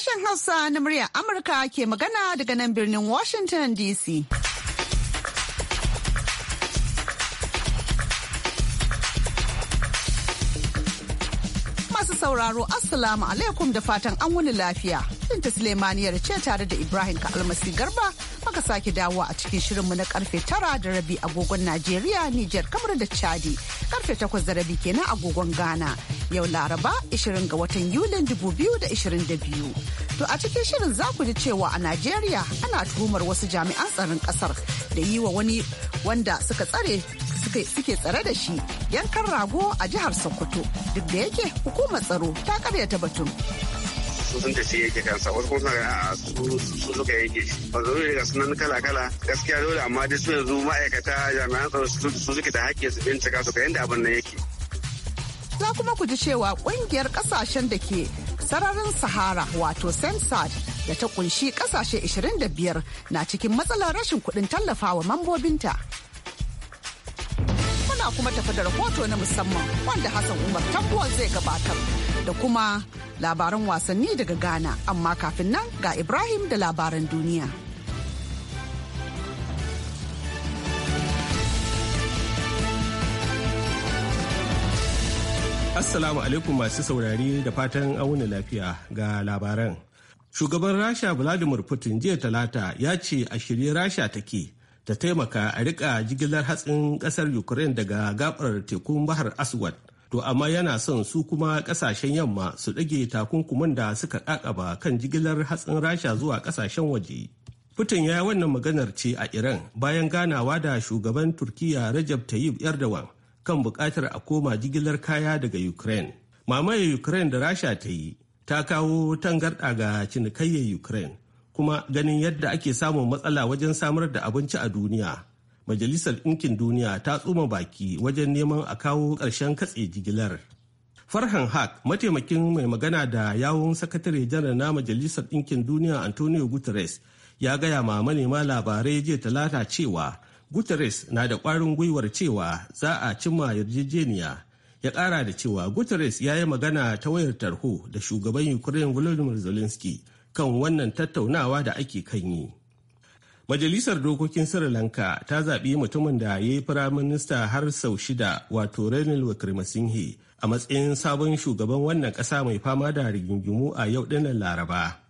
sashen Hausa na muryar Amurka ke magana daga nan birnin Washington DC. Masu sauraro Assalamu alaikum da fatan an wuni lafiya. Binta Sulemaniyar ce tare da Ibrahim ka almasi Garba muka sake dawo a cikin shirinmu na karfe tara da rabi agogon Najeriya, Nijar, kamar da Chadi, karfe takwas da rabi kenan agogon Ghana. Yau Laraba 20 ga watan Yulin 2022. To a cikin shirin za ku ji cewa a Najeriya ana tuhumar wasu jami'an tsaron kasar da yi wa wani wanda suka tsare suke tsare da shi yankan rago a jihar Sokoto duk da yake hukumar tsaro ta karyata batun. su sun tafi sai yake kansa wasu kuma suna a su suka yake wanzu ne ga sunan kala kala gaskiya dole amma duk su yanzu ma'aikata jami'an tsaro su suke da hakki su bincika su ga yadda abin nan yake. Za kuma ku ji cewa kungiyar kasashen da ke sararin sahara wato sensad da ta kunshi kasashe 25 na cikin matsalar rashin kuɗin tallafawa mambobinta. Muna kuma tafi da rahoto na musamman wanda Hassan Umar tambuwal zai gabatar da kuma labaran wasanni daga Ghana, amma kafin nan ga Ibrahim da labaran duniya. Assalamu alaikum masu saurari da fatan auna lafiya ga labaran. Shugaban Rasha Vladimir Putin jiya talata ya ce a shirye Rasha take ta taimaka a rika jigilar hatsin kasar Ukraine daga gabar tekun Bahar Aswad to amma yana son su kuma kasashen yamma su ɗage takunkumin da suka kakaba kan jigilar hatsin rasha zuwa kasashen waje putin ya wannan maganar ce a iran bayan ganawa da shugaban turkiya rajab tayyip erdogan kan buƙatar a koma jigilar kaya daga ukraine mamaye ukraine da rasha ta yi ta kawo tangarɗa ga cinikayyar ukraine kuma ganin yadda ake samun matsala wajen samar da abinci a duniya Majalisar Ɗinkin Duniya ta tsuma baki wajen neman a kawo ƙarshen katse jigilar. Farhan Haq, mataimakin mai magana da yawun sakatare janar na Majalisar Ɗinkin Duniya Antonio Guterres, ya gaya ma manema labarai jiya talata cewa Guterres na da ƙwarin gwiwar cewa za a cimma yarjejeniya. Ya ƙara da cewa Guterres ya yi magana ta wayar tarho da shugaban Ukraine Volodymyr Zelensky kan wannan tattaunawa da ake kan yi. Majalisar Dokokin Sri Lanka ta zaɓi mutumin da ya yi firaminista har sau shida wato Renil Wickremesinghe a matsayin sabon shugaban wannan ƙasa mai fama da rigingimu a yau ɗinnan Laraba.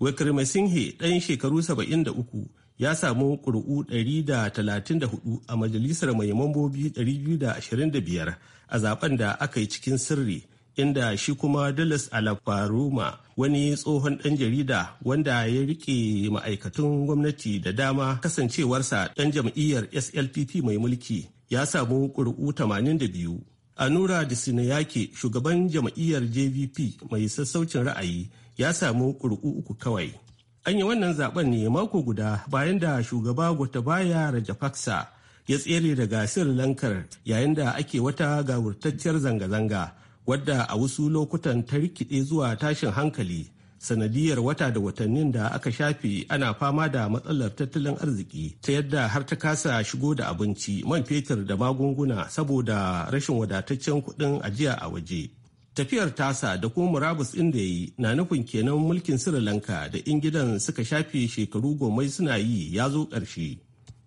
Wickremesinghe ɗan shekaru 73 ya samu ƙuri'u 134 a majalisar mai mambobi 225 a zaben da aka yi cikin sirri inda shi kuma Dulles Alakwaruma wani tsohon ɗan jarida wanda ya riƙe ma'aikatun gwamnati da dama kasancewarsa ɗan jam'iyyar SLPP mai mulki ya samu ƙuri'u 82. Anura Disinayake shugaban jam'iyyar JVP mai sassaucin ra'ayi ya samu ƙuri'u uku kawai. An yi wannan zaben ne mako guda bayan da shugaba baya Raja Faksa ya tsere daga Sri Lankar yayin da ake wata gawurtacciyar zanga-zanga. wadda a wasu lokutan ta rikide zuwa tashin hankali sanadiyar wata da watannin da aka shafe ana fama da matsalar tattalin arziki ta yadda har ta kasa shigo da abinci man fetur da magunguna saboda rashin wadataccen kuɗin ajiya a waje tafiyar tasa da kuma murabus ɗin da yi na nufin kenan mulkin sri lanka da ingidan suka shafe shekaru gomai suna yi ya zo ƙarshe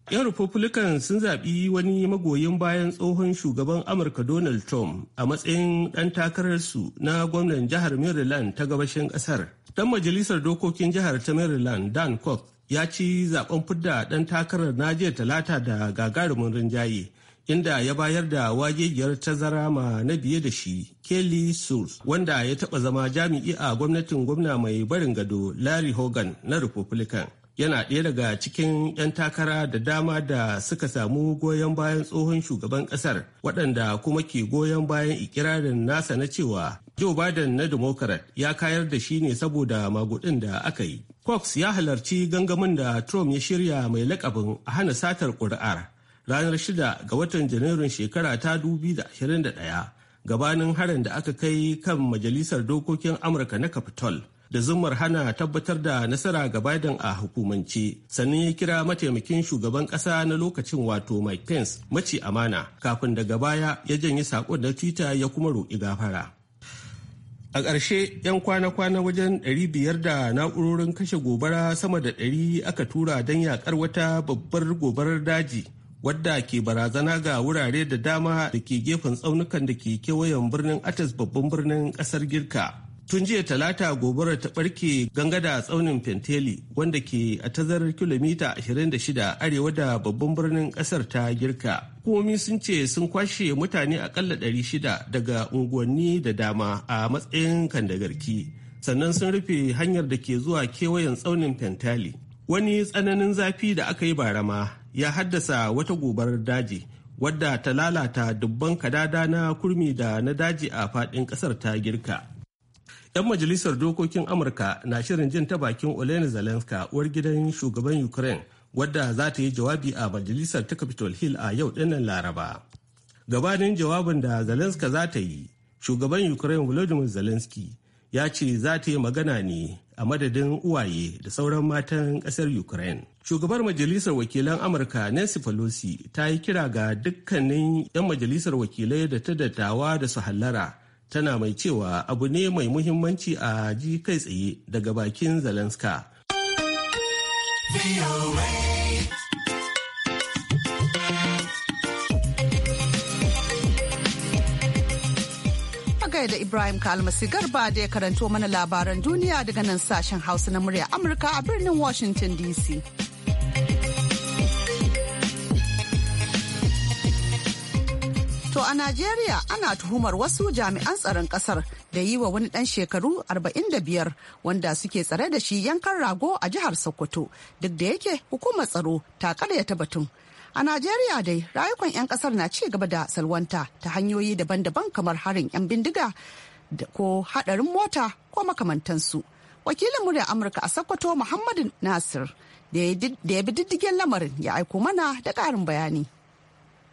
'Yan Republican sun zaɓi wani magoyin bayan tsohon shugaban Amurka Donald Trump a matsayin ɗan takararsu na gwamnan jihar Maryland ta gabashin ƙasar. Ɗan majalisar dokokin jihar ta Maryland Dan Cox ya ci zaɓen fidda ɗan takarar na jiya talata da gagarumin rinjaye. inda ya bayar da wagegiyar tazara ma na biye da shi kelly Seuss wanda ya taɓa zama jami'i a gwamnatin gwamna mai barin gado larry hogan na republican yana ɗaya daga cikin 'yan takara da dama da suka samu goyon bayan tsohon shugaban ƙasar waɗanda kuma ke goyon bayan ikirarin nasa na cewa Joe Biden na Democrat ya kayar da shi ne saboda magudin da aka yi. Cox ya halarci gangamin da Trump ya shirya mai lakabin a hana satar ƙuri'ar ranar 6 ga watan Janairun shekara ta 2021 gabanin harin da aka kai kan Majalisar Dokokin Amurka na Capitol. da zumar hana tabbatar da nasara ga Biden a hukumance. Sannan ya kira mataimakin shugaban ƙasa na lokacin wato Mike Pence mace amana kafin daga baya ya janye saƙon na Twitter ya kuma roƙi gafara. A ƙarshe 'yan kwana-kwana wajen 500 da na'urorin kashe gobara sama da 100 aka tura don yaƙar wata babbar gobarar daji wadda ke barazana ga wurare da dama da ke gefen tsaunukan da ke kewayen birnin Atas babban birnin ƙasar Girka. Tun jiya talata gobara ta barke gangada tsaunin Fenteli, wanda ke a tazarar kilomita 26 arewa da babban birnin kasar ta girka. Hukumomi sun ce sun kwashe mutane akalla 600 daga unguwanni da dama a matsayin kandagarki. Sannan sun rufe hanyar da ke zuwa kewayen tsaunin Penteli. Wani tsananin zafi da aka yi barama ya haddasa wata gobarar daji wadda ta lalata dubban kadada na kurmi da na daji a faɗin ƙasar ta girka. 'Yan majalisar dokokin Amurka na shirin jin ta bakin Olena Zelenska uwar gidan shugaban Ukraine wadda za ta yi jawabi a majalisar ta Capitol Hill a yau dinnan Laraba. Gabanin jawabin da Zelenska za ta yi, shugaban Ukraine Volodymyr Zelensky ya ce za ta yi magana ne a madadin uwaye da sauran matan kasar Ukraine. Shugabar Majalisar Wakilan Amurka Nancy Pelosi ta yi kira ga dukkanin 'yan majalisar wakilai da ta dattawa da su hallara tana mai cewa abu ne mai muhimmanci a ji kai tsaye daga bakin Zelenska. da Ibrahim Kalmasi Garba da ya karanto mana labaran duniya daga nan sashen Hausa na murya Amurka a birnin Washington DC. To a Najeriya ana tuhumar wasu jami'an tsaron kasar da yi wa wani ɗan shekaru 45 wanda suke tsare da shi yankan rago a jihar Sokoto duk da yake hukumar tsaro ta ta batun. A Najeriya dai rayukan 'yan kasar na ci gaba da salwanta ta hanyoyi daban-daban kamar harin 'yan bindiga ko haɗarin mota ko makamantansu. Wakilin murya Amurka a Sokoto Muhammadu Nasir da ya bi diddigen lamarin ya aiko mana da ƙarin bayani.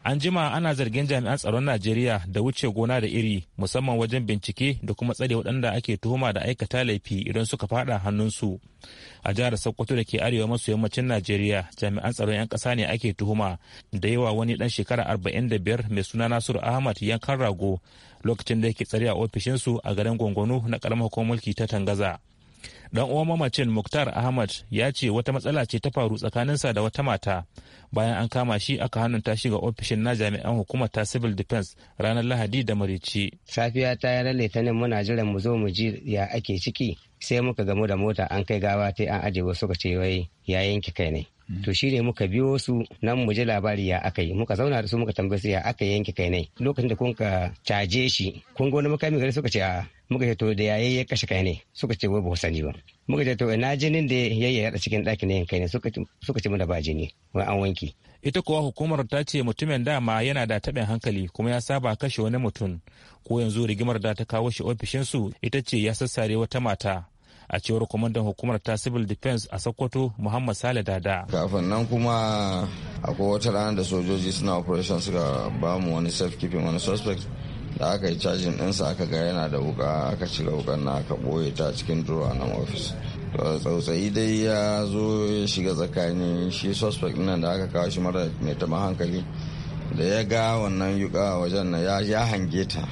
an jima ana zargin jami'an tsaron najeriya da wuce gona da iri musamman wajen bincike da kuma tsare waɗanda ake tuhuma da aikata laifi idan suka fada hannunsu a jihar sokoto da ke arewa maso yammacin najeriya jami'an tsaron 'yan ƙasa ne ake tuhuma da yawa wani ɗan shekara arba'in da biyar mai suna nasiru ahmad yankan rago lokacin da yake tsare a ofishinsu a garin gwangwano na ƙaramar hukumar mulki ta tangaza dan uwan mamacin muktar ahmad ya ce wata matsala ce ta faru tsakaninsa da wata mata bayan an kama shi aka hannunta shi ga ofishin na jami'an hukumar ta civil defense ranar lahadi da marici safiya ta yi ran litinin muna jiran mu zo mu ji ya ake ciki sai muka gamu da mota an kai gawa ta an ajiye wasu ce wai ya yanki kai ne Mm. to shi ne muka biyo su nan muje labari ya aka yi muka zauna da su muka tambaye su ya aka yanke kai ne lokacin da kunka caje shi kun ga wani makami gari suka ce a ah, muka ce to da yayi ya kashe kai ne suka ce wai ba sani ba muka ce to ina jinin da yayi ya cikin ɗakin ne kai ne suka ce da ba jini wai an wanki ita kuwa hukumar ta ce mutumin dama yana da taɓin hankali kuma ya saba kashe wani mutum ko yanzu rigimar da ta kawo shi ofishinsu ita ce ya sassare wata mata a cewar kwamandan hukumar ta civil defense a sokoto muhammad sale dada kafin nan kuma akwai wata rana da sojoji suna operation suka ba mu wani self keeping wani suspect da aka yi cajin ɗinsa aka ga yana da wuka aka cire wukan na aka ɓoye ta cikin drawer na office tsautsayi dai ya zo ya shiga tsakanin shi suspect nan da aka kawo shi mara mai tama hankali da ya ga wannan yuka wajen na ya hange ta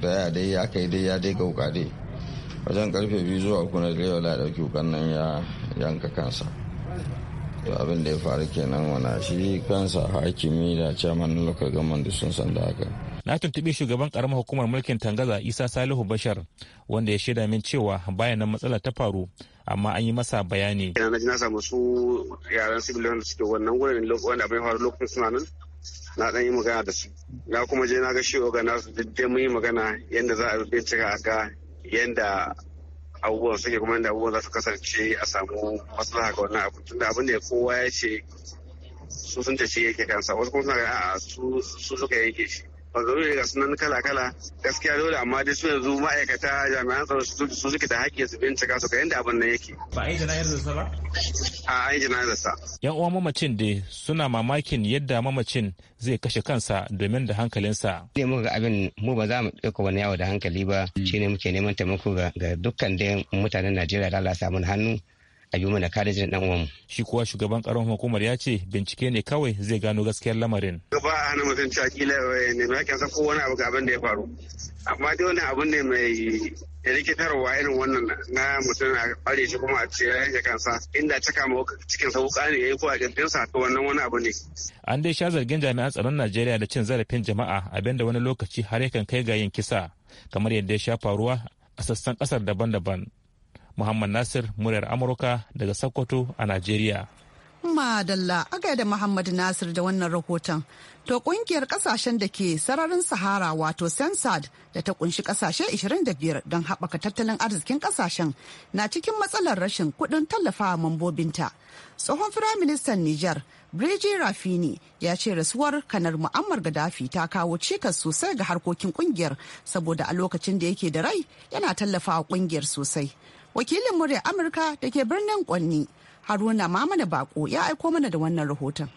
da ya dai ya kai dai ya dai ga wuka dai wajen karfe biyu zuwa uku na dare wala dauki wukan nan ya yanka kansa to abin da ya faru kenan wana shi kansa hakimi da chairman na local government sun san da haka na tuntuɓi shugaban karamar hukumar mulkin tangaza isa salihu bashar wanda ya shaida min cewa bayan nan matsala ta faru amma an yi masa bayani na ji na samu su yaran civilian da suke wannan wurin wanda abin faru lokacin suna nan na dan yi magana da su na kuma je na ga shi oga na su dai mun yi magana yadda za a bincika a ga yadda abubuwan suke kuma yadda abubuwan za su kasance a samu maslaha ga wannan abu tunda abin da kowa ya ce su sun tashi yake kansa wasu kuma suna a su suka yanke shi ne ga sunan kala-kala gaskiya dole amma dai su yanzu ma'aikata jami'an tsaro su suke da haƙƙi su bincika su ga yadda abin nan yake. Ba a yi sa ba? A an yi sa. Yan uwan mamacin dai suna mamakin yadda mamacin zai kashe kansa domin da hankalinsa. Ne muka ga abin mu ba za mu ɗauka wani yawo da hankali ba shine muke neman taimako ga dukkan dai mutanen Najeriya da Allah samu hannu a yi mana kare jinin dan uwanmu shi kuwa shugaban karamin hukumar ya ce bincike ne kawai zai gano gaskiyar lamarin ba a hana mutum cewa kila ne eh, ma kyansa ko wani abu ga abin da ya faru amma dai wannan abun ne mai rikitarwa irin wannan na mutum a bare shi kuma a ce ya yanke kansa inda ta kama cikin sa wuka ne ya yi ko a kirjinsa to wannan wani abu ne an dai sha zargin jami'an tsaron najeriya da cin zarafin jama'a abinda wani lokaci har yakan kai ga yin kisa kamar yadda ya sha faruwa a sassan kasar daban-daban Muhammad Nasir muryar Amurka daga Sokoto a Najeriya. Madalla aga da Muhammad Nasir da wannan rahoton. To kungiyar kasashen da ke sararin Sahara wato Sensad da ta kunshi kasashe 25 don haɓaka tattalin arzikin kasashen na cikin matsalar rashin kuɗin tallafawa mambobinta. Tsohon Firaministan Nijar, Briji Rafini ya ce rasuwar kanar Muammar Gaddafi ta kawo cikas sosai ga harkokin kungiyar saboda a lokacin da yake da rai yana tallafawa kungiyar sosai. wakilin murya amurka da ke birnin kwanni haruna mamana bako ya aiko mana da wannan rahoton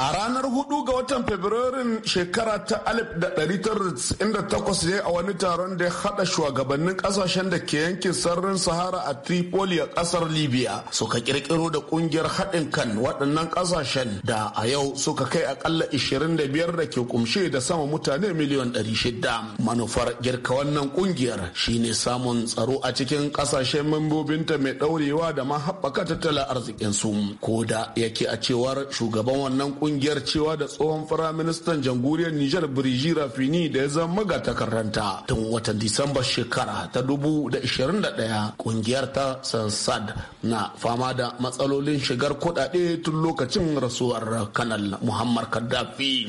A ranar hudu ga watan Fabrairun shekara ta 1998 ne a wani taron da ya haɗa shugabannin ƙasashen da ke yankin sararin Sahara a Tripoli a ƙasar Libya suka ƙirƙiro da ƙungiyar haɗin kan waɗannan ƙasashen da a yau suka kai aƙalla 25 da ke kumshe da sama mutane miliyon 600. Manufar girka wannan ƙungiyar shine samun tsaro a cikin ƙasashen mambobinta mai ɗaurewa da ma haɓaka tattalin arzikinsu. Ko da yake a cewar shugaban wannan ƙungiyar kungiyar cewa da tsohon firaministan jamhuriyar Nijar Birji Rafini da ya zama magatakarranta tun watan Disamba shekara ta 2021 kungiyar ta Sansad na fama da matsalolin shigar kuɗaɗe tun lokacin rasuwar kanal Muhammad Kaddafi.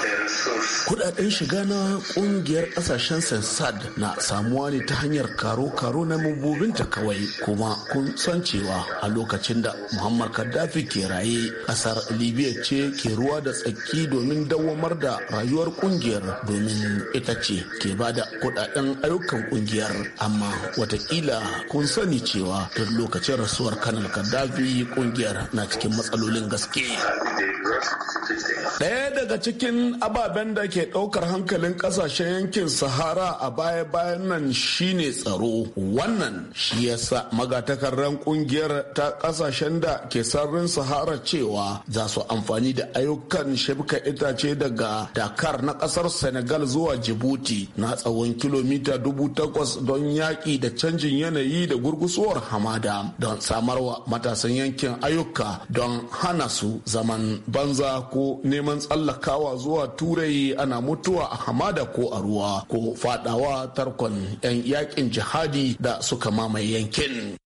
Kuɗaɗen shiga na kungiyar ƙasashen Sansad na samuwa ne ta hanyar karo-karo na mabubinta kawai kuma kun san cewa a lokacin da Muhammad Kaddafi ke raye ƙasar Libya ce ke ruwa da tsaki domin dawamar da rayuwar kungiyar domin ita ce ke ba da kudaden ayyukan kungiyar amma watakila kun sani cewa duk lokacin rasuwar kanal kaddafi kungiyar na cikin matsalolin gaske daya daga cikin ababen da ke ɗaukar hankalin ƙasashen yankin Sahara a baya-bayan nan shine tsaro. Wannan shi yasa magatakarren ƙungiyar ta ƙasashen da ke sararin Sahara cewa za su amfani da ayyukan shafka itace daga Dakar na ƙasar Senegal zuwa Djibouti na tsawon kilomita dubu takwas don yaƙi da canjin yanayi da gurgusuwar hamada don samarwa matasan yankin ayyuka don hana su zaman ban banza ko neman tsallakawa zuwa turai ana mutuwa a hamada ko a ruwa ko fadawa tarkon 'yan yakin jihadi da suka mamaye yankin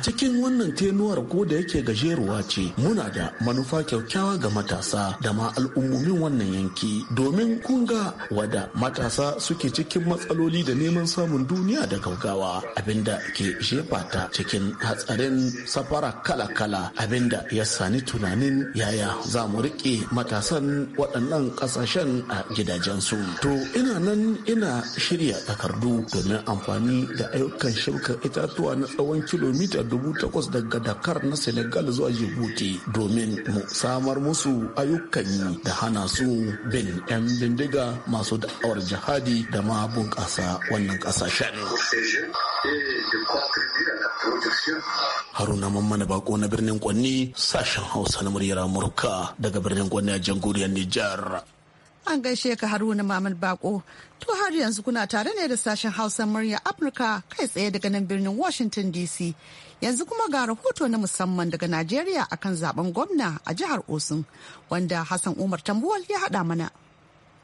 a cikin wannan tenuwar ko da yake gajeruwa ce muna da manufa kyaukyawa ga matasa da ma al'ummomin wannan yanki domin kunga ga wada matasa suke cikin matsaloli da neman samun duniya da gaugawa abinda ke jefa ta cikin hatsarin safara kala-kala abinda ya sani tunanin yaya za mu riƙe matasan waɗannan ƙasashen a gidajensu to ina nan ina shirya takardu domin amfani da ayyukan shirka itatuwa na tsawon kilomita dubu takwas daga dakar na senegal zuwa jibuti domin mu samar musu ayyukan yi da hana su bin 'yan bindiga masu da'awar jihadi da ma bunƙasa wannan ƙasashen haruna mammana bako na birnin kwanni sashen hausa na muryar amurka daga birnin kwanni a jamhuriyar nijar an gaishe ka haruna maman bako to har yanzu kuna tare ne da sashen hausa murya afirka kai tsaye daga nan birnin washington dc Yanzu kuma ga rahoto na musamman daga Najeriya akan zaben gwamna a jihar Osun wanda Hassan Umar Tambuwal ya haɗa mana.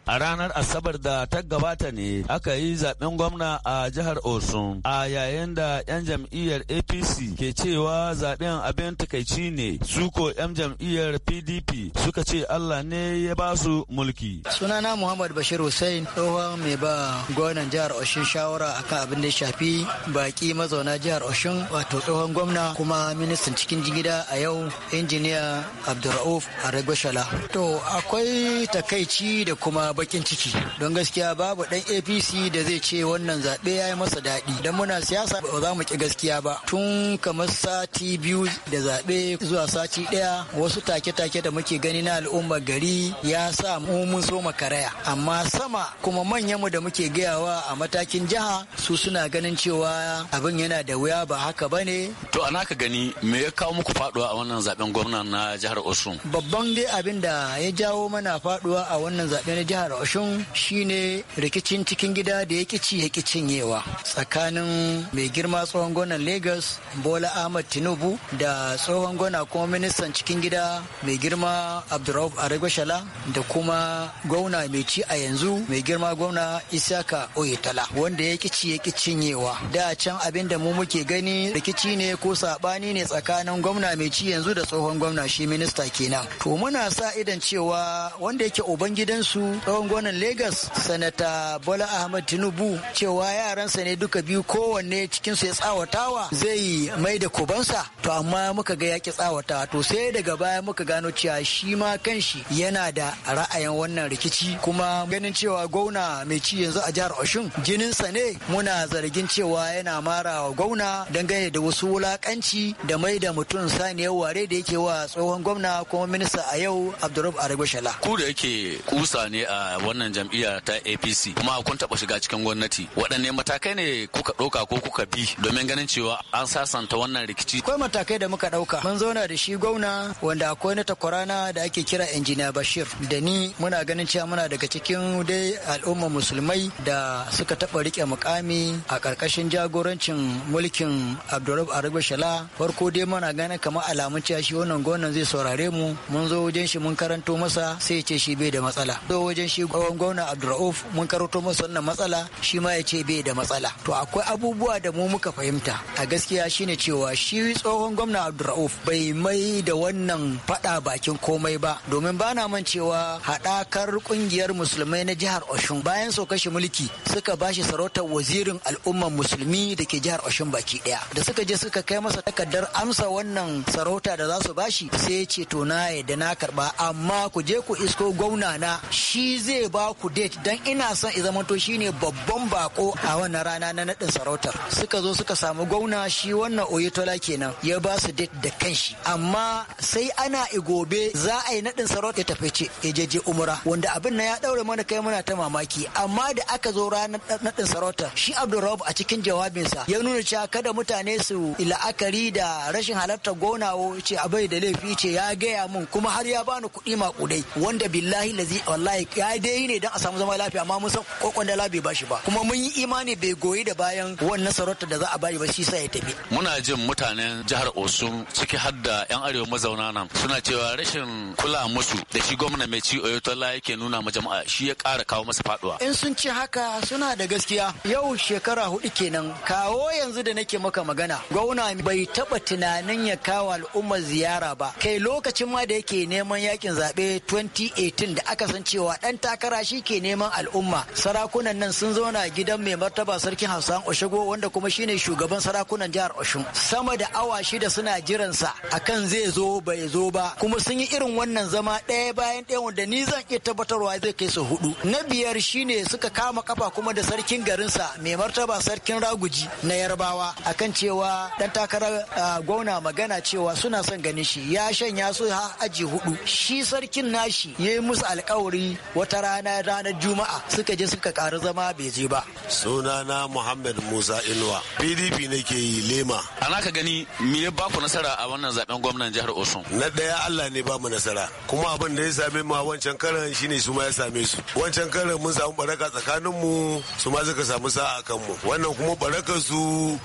A ranar Asabar da ta gabata ne aka yi zaben gwamna a jihar Osun a yayin da 'yan jam'iyyar APC ke cewa zaben abin takaici ne su ko 'yan jam'iyyar PDP suka ce Allah ne ya ba su mulki. Sunana Muhammad Bashir Hussein tsohon mai ba gwamnan jihar Osun shawara akan abin da ya shafi baki mazauna jihar Osun wato tsohon gwamna kuma ministan cikin gida a yau injiniya Abdulrauf Aregoshala. To akwai takaici da kuma bakin ciki don gaskiya babu dan apc da zai ce wannan zaɓe ya yi masa daɗi don muna siyasa ba za mu ki gaskiya ba tun kamar sati biyu da zaɓe zuwa sati ɗaya wasu take-take da muke gani na al'ummar gari ya sa mu mun so makaraya amma sama kuma manyan mu da muke gayawa a matakin jiha su suna ganin cewa abin yana da wuya ba haka ba ne to a naka gani me ya kawo muku faduwa a wannan zaben gwamna na jihar osun babban dai abin da ya jawo mana faduwa a wannan zaɓen na jihar jihar Oshun shine rikicin cikin gida da ya ci ya cinyewa tsakanin mai girma tsohon gwanan Lagos Bola Ahmad Tinubu da tsohon gwana kuma ministan cikin gida mai girma Abdurrauf Aregoshala da kuma gwamna mai ci a yanzu mai girma gwamna Isaka Oyetala wanda ya ci ya cinyewa da can abin da mu muke gani rikici ne ko sabani ne tsakanin gwamna mai ci yanzu da tsohon gwamna shi minista kenan to muna sa idan cewa wanda yake ubangidansu tsohon tsohon gwamnan Legas sanata Bola Ahmad Tinubu cewa yaransa ne duka biyu kowanne cikinsu ya tsawatawa zai yi mai da kubansa to amma muka ga ya tsawatawa to sai daga baya muka gano cewa shi ma kanshi yana da ra'ayin wannan rikici kuma ganin cewa gwamna mai ci yanzu a jihar Oshun jininsa ne muna zargin cewa yana mara wa gwamna dangane da wasu wulakanci da mai da mutum saniyar ware da yake wa tsohon gwamna kuma minista a yau Abdurrahman Arabashala. Ku da yake kusa ne a wannan jam'iyya ta apc kuma kun taɓa shiga cikin gwamnati waɗanne matakai ne kuka ɗauka ko kuka bi domin ganin cewa an sasanta wannan rikici akwai matakai da muka ɗauka mun zauna da shi gwamna wanda akwai na takwarana da ake kira injiniya bashir da ni muna ganin cewa muna daga cikin dai al'ummar musulmai da suka taba rike mukami a karkashin jagorancin mulkin abdurrab arabu shala farko dai muna ganin kamar alamun cewa shi wannan gwamnan zai saurare mu mun zo wajen shi mun karanto masa sai ce shi bai da matsala zo wajen shi gwamna abdurrauf mun karoto masa wannan matsala shi ma ya ce bai da matsala to akwai abubuwa da mu muka fahimta a gaskiya shine cewa shi tsohon gwamna abdurrauf bai mai da wannan fada bakin komai ba domin bana man cewa haɗakar kungiyar musulmai na jihar oshun bayan so kashe mulki suka bashi sarautar wazirin al'umman musulmi da ke jihar oshun baki ɗaya. da suka je suka kai masa takardar amsa wannan sarauta da za su bashi sai ya ce to na yadda na karba amma ku je ku isko gwamna na shi zai ba ku date dan ina son i zamanto shine babban bako a wannan rana na nadin sarautar suka zo suka samu gauna shi wannan oyetola kenan ya ba su date da kanshi amma sai ana igobe za a yi nadin sarauta ya fice ejeje eh, ya umra wanda abin na ya daure mana kai muna ta mamaki amma da aka zo ranar nadin sarautar shi abdulrahman a cikin jawabinsa ya nuna cewa kada mutane su la'akari da rashin halartar gonawo ce abai da laifi ce ya gaya mun kuma har ya bani kuɗi maƙudai wanda billahi lazi wallahi ya ne don a samu zama lafiya amma mun san kokon da ba shi ba kuma mun yi imani bai goyi da bayan wannan sarauta da za a bayi ba shi sa ya tafi muna jin mutanen jihar Osun ciki har da yan arewa mazauna nan suna cewa rashin kula musu da shi gwamna mai ci "Tal'a yake nuna ma jama'a shi ya kara kawo masa faduwa in sun ci haka suna da gaskiya yau shekara hudu kenan kawo yanzu da nake maka magana gwamna bai taba tunanin ya kawo al'ummar ziyara ba kai lokacin ma da yake neman yakin zaɓe 2018 da aka san cewa dan dan takara shi ke neman al'umma sarakunan nan sun zauna gidan mai martaba sarkin Hassan oshago wanda kuma shine shugaban sarakunan jihar oshun sama da awa shida suna jiransa akan zai zo bai zo ba kuma sun yi irin wannan zama ɗaya bayan ɗaya wanda ni zan iya tabbatarwa zai kai su hudu na biyar shine suka kama kafa kuma da sarkin garinsa mai martaba sarkin raguji na yarbawa akan cewa dan takarar gwamna magana cewa suna son ganin shi ya shanya su ha aji hudu shi sarkin nashi ya yi musu alkawari wata rana ranar juma'a suka je suka karu zama bai je ba sunana muhammad musa inuwa pdp nake yi lema ana ka gani me ba baku nasara a wannan zaben gwamnan jihar osun na daya allah ne ba mu nasara kuma abin da ya same mu a wancan karan shine su ma ya same su wancan karan mun samu baraka tsakanin mu su ma suka samu sa'a kan mu wannan kuma barakar su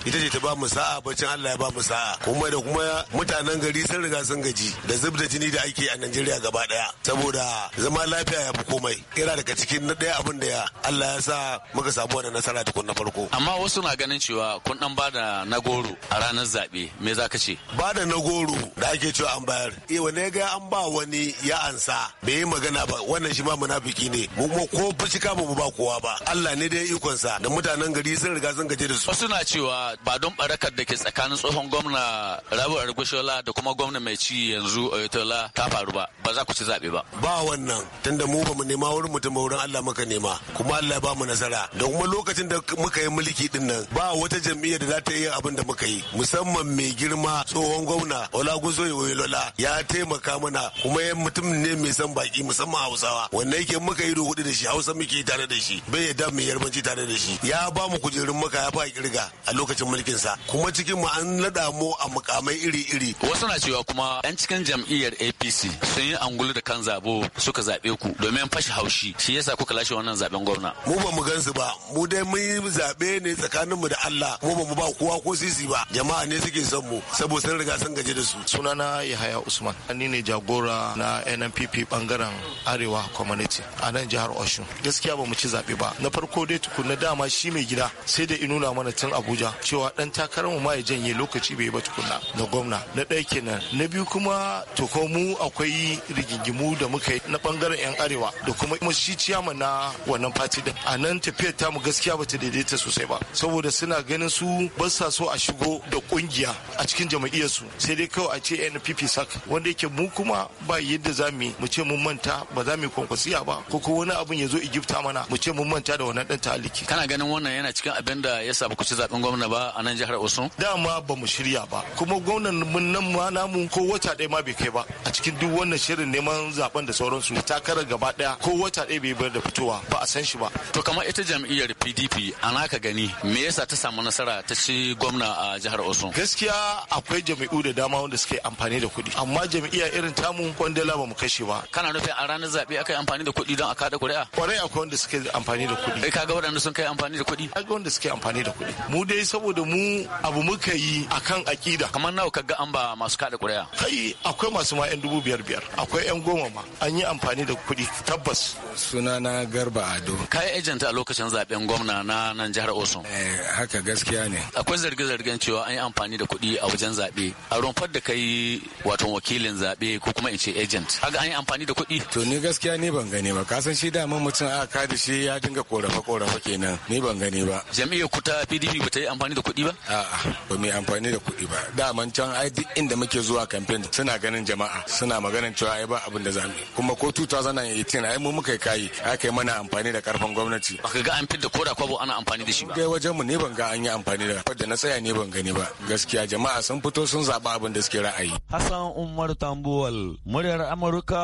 ita ce ta ba mu sa'a bacin allah ya ba mu sa'a kuma da kuma mutanen gari sun riga sun gaji da zub jini da ake a najeriya gaba daya saboda zama lafiya ya fi komai kawai yana daga cikin na ɗaya abin da ya Allah ya sa muka samu wani nasara tukun na farko amma wasu na ganin cewa kun ba bada na goro a ranar zaɓe me za ka ce da na goro da ake cewa an bayar eh wani ga an ba wani ya ansa bai yi magana ba wannan shi ma munafiki ne mu kuma ko fuska mu ba kowa ba Allah ne dai ikonsa da mutanen gari sun riga sun gaje da su wasu na cewa ba don barakar da ke tsakanin tsohon gwamna Rabu Argushola da kuma gwamna mai ci yanzu Oyetola ta faru ba ba za ku ci zaɓe ba ba wannan tunda mu ba mu nema wurin mutum ba wurin Allah muka nema kuma Allah ya ba mu nasara da kuma lokacin da muka yi mulki din nan ba wata jam'iyyar da za ta yi abin da muka yi musamman mai girma tsohon gwamna Olagunso Oyolola ya taimaka mana kuma yan mutum ne mai san baki musamman Hausawa wannan yake muka yi rubutu da shi Hausa muke tare da shi bai yadda mai yarbanci tare da shi ya ba mu kujerun muka ya ba kirga a lokacin mulkin sa kuma cikin mu an nada mu a mukamai iri-iri wasu na cewa kuma yan cikin jam'iyyar APC sun yi angulu da kan zabo suka zabe ku domin fashe shi haushi shi yasa kuka lashe wannan zaben gwamna mu ba mu gansu ba mu dai mun yi zabe ne tsakanin mu da Allah mu ba mu ba kowa ko sisi ba jama'a ne suke son mu saboda sun riga sun gaje da su sunana Yahaya Usman ni ne jagora na NNPP bangaren Arewa community a nan jihar Osun gaskiya ba mu ci zabe ba na farko dai na dama shi mai gida sai da inuna mana tun Abuja cewa dan takarar mu ma ya janye lokaci bai ba tukunna na gwamna na ɗaya kenan na biyu kuma to mu akwai rigingimu da muka yi na bangaren yan arewa da kuma kuma shi na wannan fati din a nan tafiyar tamu gaskiya ba ta daidaita sosai ba saboda suna ganin su ba sa so a shigo da kungiya a cikin jam'iyyar su sai dai kawai a ce NPP sak wanda yake mu kuma ba yadda za mu mu ce mun manta ba za mu kwankwasiya ba ko ko wani abin ya zo Egypta mana mu ce mun manta da wannan dan taliki kana ganin wannan yana cikin abin da ya sa ku ci zaben gwamna ba a nan jihar Osun dama ba mu shirya ba kuma gwamnan mun nan ma namu ko wata ɗaya ma bai kai ba a cikin duk wannan shirin neman zaben da sauransu takarar gaba daya ko wata ɗaya bai bar da fitowa ba a san shi ba to kamar ita jam'iyyar pdp a naka gani me yasa ta samu nasara ta ci gwamna a jihar osun gaskiya akwai jam'iyyu da dama wanda suke amfani da kuɗi amma jam'iyya irin tamu kwandala ba mu kashe ba kana nufin a ranar zaɓe aka yi amfani da kuɗi don a kada kuri'a kwarai akwai wanda suke amfani da kuɗi kai kaga waɗanda sun kai amfani da kuɗi kaga wanda suke amfani da kuɗi mu dai saboda mu abu muka yi akan akida kamar nawa kaga an ba masu kada kuri'a kai akwai masu ma yan dubu biyar biyar akwai yan goma ma an yi amfani da kuɗi tabbas tabbas sunana garba ado kai ejenta a lokacin zaben gwamna na nan jihar osun eh, haka gaskiya ne akwai zarge-zargen cewa an yi amfani da kuɗi a wajen zaɓe a rumfar da kai wato wakilin zaɓe ko kuma in ce ejent. haka an yi amfani da kuɗi to ni gaskiya ni ban gani ba kasan shi da mutum aka kada shi ya dinga korafa-korafa kenan ni ban gani ba Jami'a ku ta pdp ba ta yi amfani da kuɗi ba a'a ba mu yi amfani da kuɗi ba daman can ai duk inda muke zuwa campaign suna ganin jama'a suna maganin cewa ai ba abin da zamu kuma ko 2018 ai mu muka kai aka yi mana amfani da karfin gwamnati baka ga an ko koda kwabo ana amfani da shi ba kai wajen mu ne ban ga an yi amfani da Fadda na tsaya ne ban gani ba gaskiya jama'a sun fito sun zaba abin da suke ra'ayi Hassan Umar Tambuwal muryar Amurka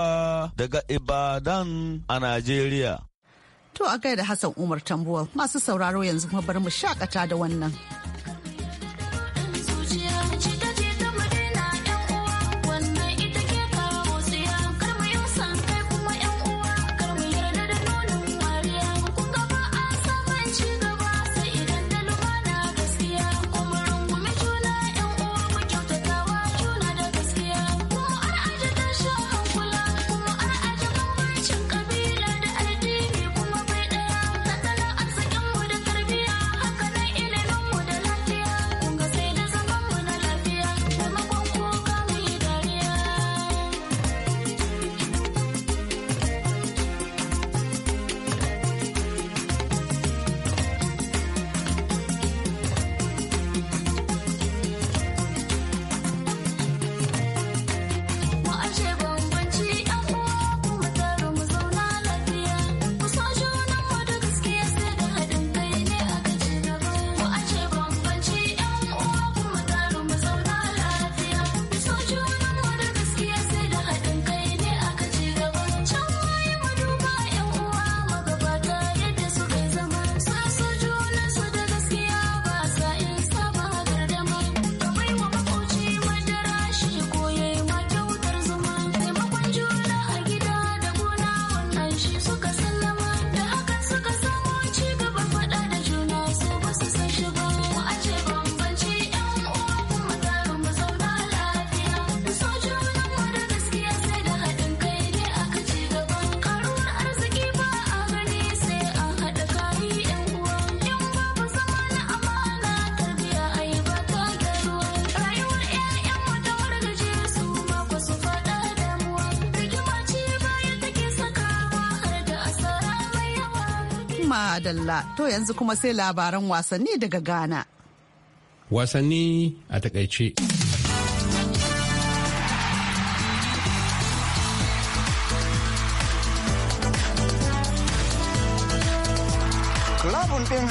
daga Ibadan a Najeriya To a da Hassan Umar Tambuwal masu sauraro yanzu kuma bar mu shakata da wannan. Adalla to yanzu kuma sai labaran wasanni daga Ghana. Wasanni a takaice.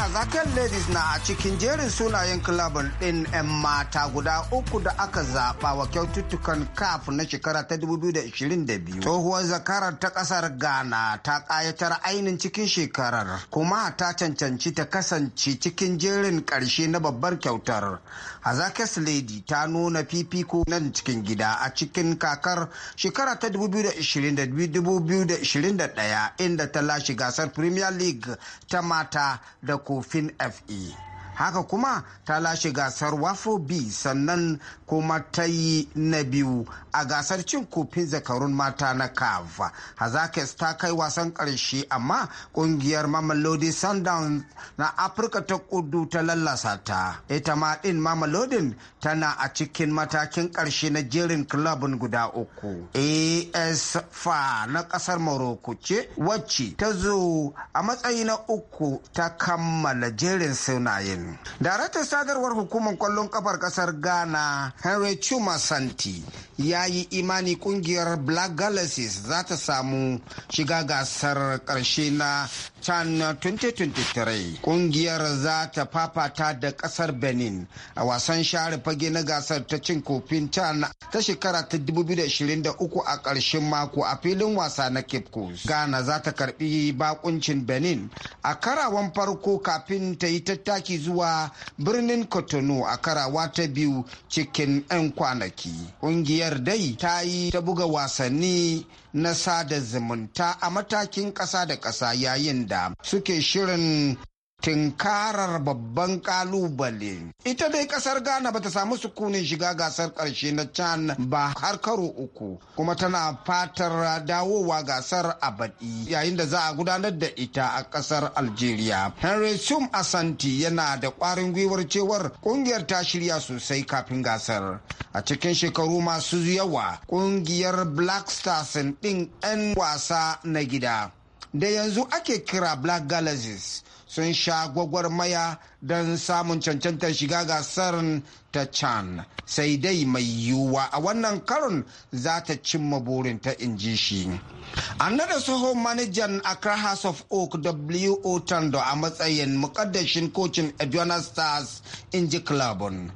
kazakan ladies na cikin jerin sunayen kilabin ɗin 'yan mata guda uku da aka zaɓa wa kyaututtukan caf na shekara ta 2022 tsohuwar zakarar ta ƙasar ghana ta ƙayatar ainihin cikin shekarar kuma ta cancanci ta kasance cikin jerin ƙarshe na babbar kyautar hazakes lady ta nuna fifiko nan cikin gida a cikin kakar shekara ta 2021 inda ta lashe gasar premier league ta mata da ko kofin FE. haka kuma ta lashe gasar wafo b sannan kuma ta yi na biyu a gasar cin kofin zakarun mata na kava hazakes ta kai wasan karshe amma kungiyar mamalodi sundown na afirka ta kudu ta lallasa ta ita ma din mamalodin tana a cikin matakin karshe na jerin kulabun guda uku asfa na kasar morocco ce wacce ta zo a matsayi na uku ta kammala jerin sunayen Jordan. Daraktan sadarwar hukumar kwallon kafar kasar Ghana Henry Chuma Santi ya yi imani kungiyar Black Galaxies za ta samu shiga gasar karshe na watan 2023 kungiyar za ta fafata da kasar Benin a wasan share fage na gasar ta cin kofin CHAN ta shekara ta 2023 a ƙarshen mako a filin wasa na Cape Coast. Ghana za ta karbi bakuncin Benin a karawan farko kafin ta yi tattaki zuwa birnin Cotonou a karawa ta biyu cikin 'yan kwanaki. Kungiyar dai ta yi ta buga wasanni na sada zumunta a matakin ƙasa da ƙasa yayin da da suke shirin tinkarar babban kalubale. Ita dai kasar Ghana bata samu sukunin shiga gasar ƙarshe na can ba har karo uku kuma tana fatar dawowa gasar a baɗi yayin da za a gudanar da ita a ƙasar Algeria. Henry Sum Asanti yana da ƙwarin gwiwar cewar ƙungiyar ta shirya sosai kafin gasar. A cikin shekaru masu yawa ƙungiyar Black Stars ɗin 'yan wasa na gida da yanzu ake kira black galaxies sun sha gwagwarmaya don samun cancantar shiga gasar ta chan sai dai mai yiwuwa a wannan karon za ta cimma burinta in ji shi an nada tsohon manajan accra house of oak w o tando a matsayin mukaddashin kocin edwana stars in ji clubin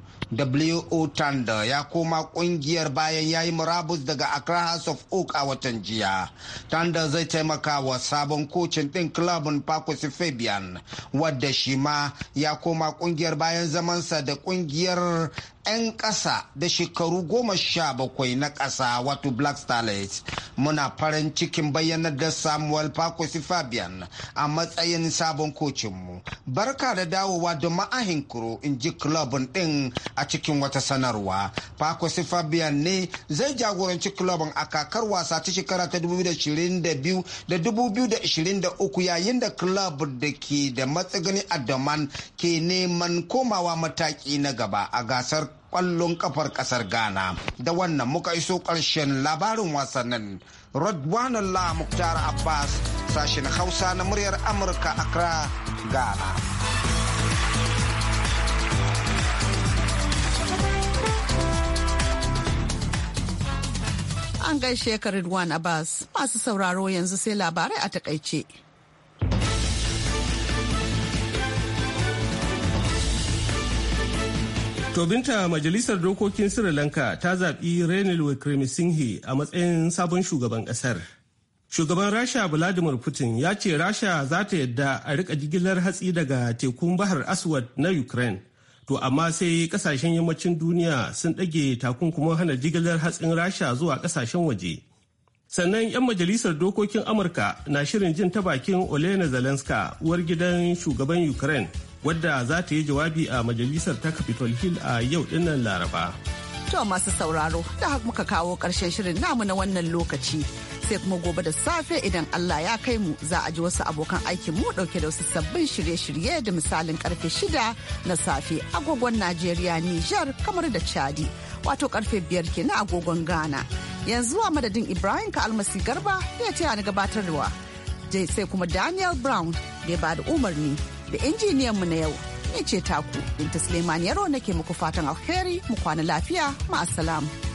wo tanda ya koma kungiyar bayan ya yi murabus daga accra house of oak a watan jiya tanda zai taimaka wa sabon kocin din clubin pakus fabian wadda shi ma ya koma kungiyar bayan zamansa da kungiyar 'yan ƙasa da shekaru goma sha bakwai na ƙasa wato black starlight muna farin cikin bayyanar da samuel pakosi fabian a matsayin sabon kocinmu barka da dawowa da ma'ahin kuro in ji kulabin ɗin a cikin wata sanarwa pakosi fabian ne zai jagoranci kulabin a kakar wasa ta shekara ta 2022 da 2023 yayin da kulob da ke da matsagani a daman ke neman komawa mataki na gaba a gasar kwallon kafar kasar ghana da wannan muka iso karshen labarin wasannin rodwanan la muktar abbas sashen hausa na muryar amurka accra ghana an gaishe ka Ridwan Abbas masu sauraro yanzu sai labarai a takaice. Tobinta majalisar dokokin Sri Lanka ta zaɓi Renil Wickremesinghe a matsayin sabon shugaban ƙasar. Shugaban Rasha Vladimir Putin ya ce Rasha za ta yadda a riƙa jigilar hatsi daga tekun Bahar Aswad na Ukraine. To amma sai ƙasashen yammacin duniya sun ɗage takunkumin hana jigilar hatsin Rasha zuwa ƙasashen waje. Sannan 'yan majalisar dokokin Amurka na shirin jin ta bakin Olena Zelenska uwar gidan shugaban Ukraine wadda za ta yi jawabi a majalisar ta capitol hill a yau dinnan laraba to masu sauraro da haka muka kawo karshen shirin namu na wannan lokaci sai kuma gobe da safe idan allah ya kai mu za a ji wasu abokan aikin mu dauke da wasu sabbin shirye-shirye da misalin karfe shida na safe agogon najeriya niger kamar da chadi wato karfe biyar ke na agogon ghana yanzu a madadin ibrahim ka almasi garba ya ce ni gabatarwa sai kuma daniel brown da ya ba da umarni da injiniyan mu na yau ni ce taku binta suleiman yaro nake muku fatan alheri mu kwana lafiya ma'asalam.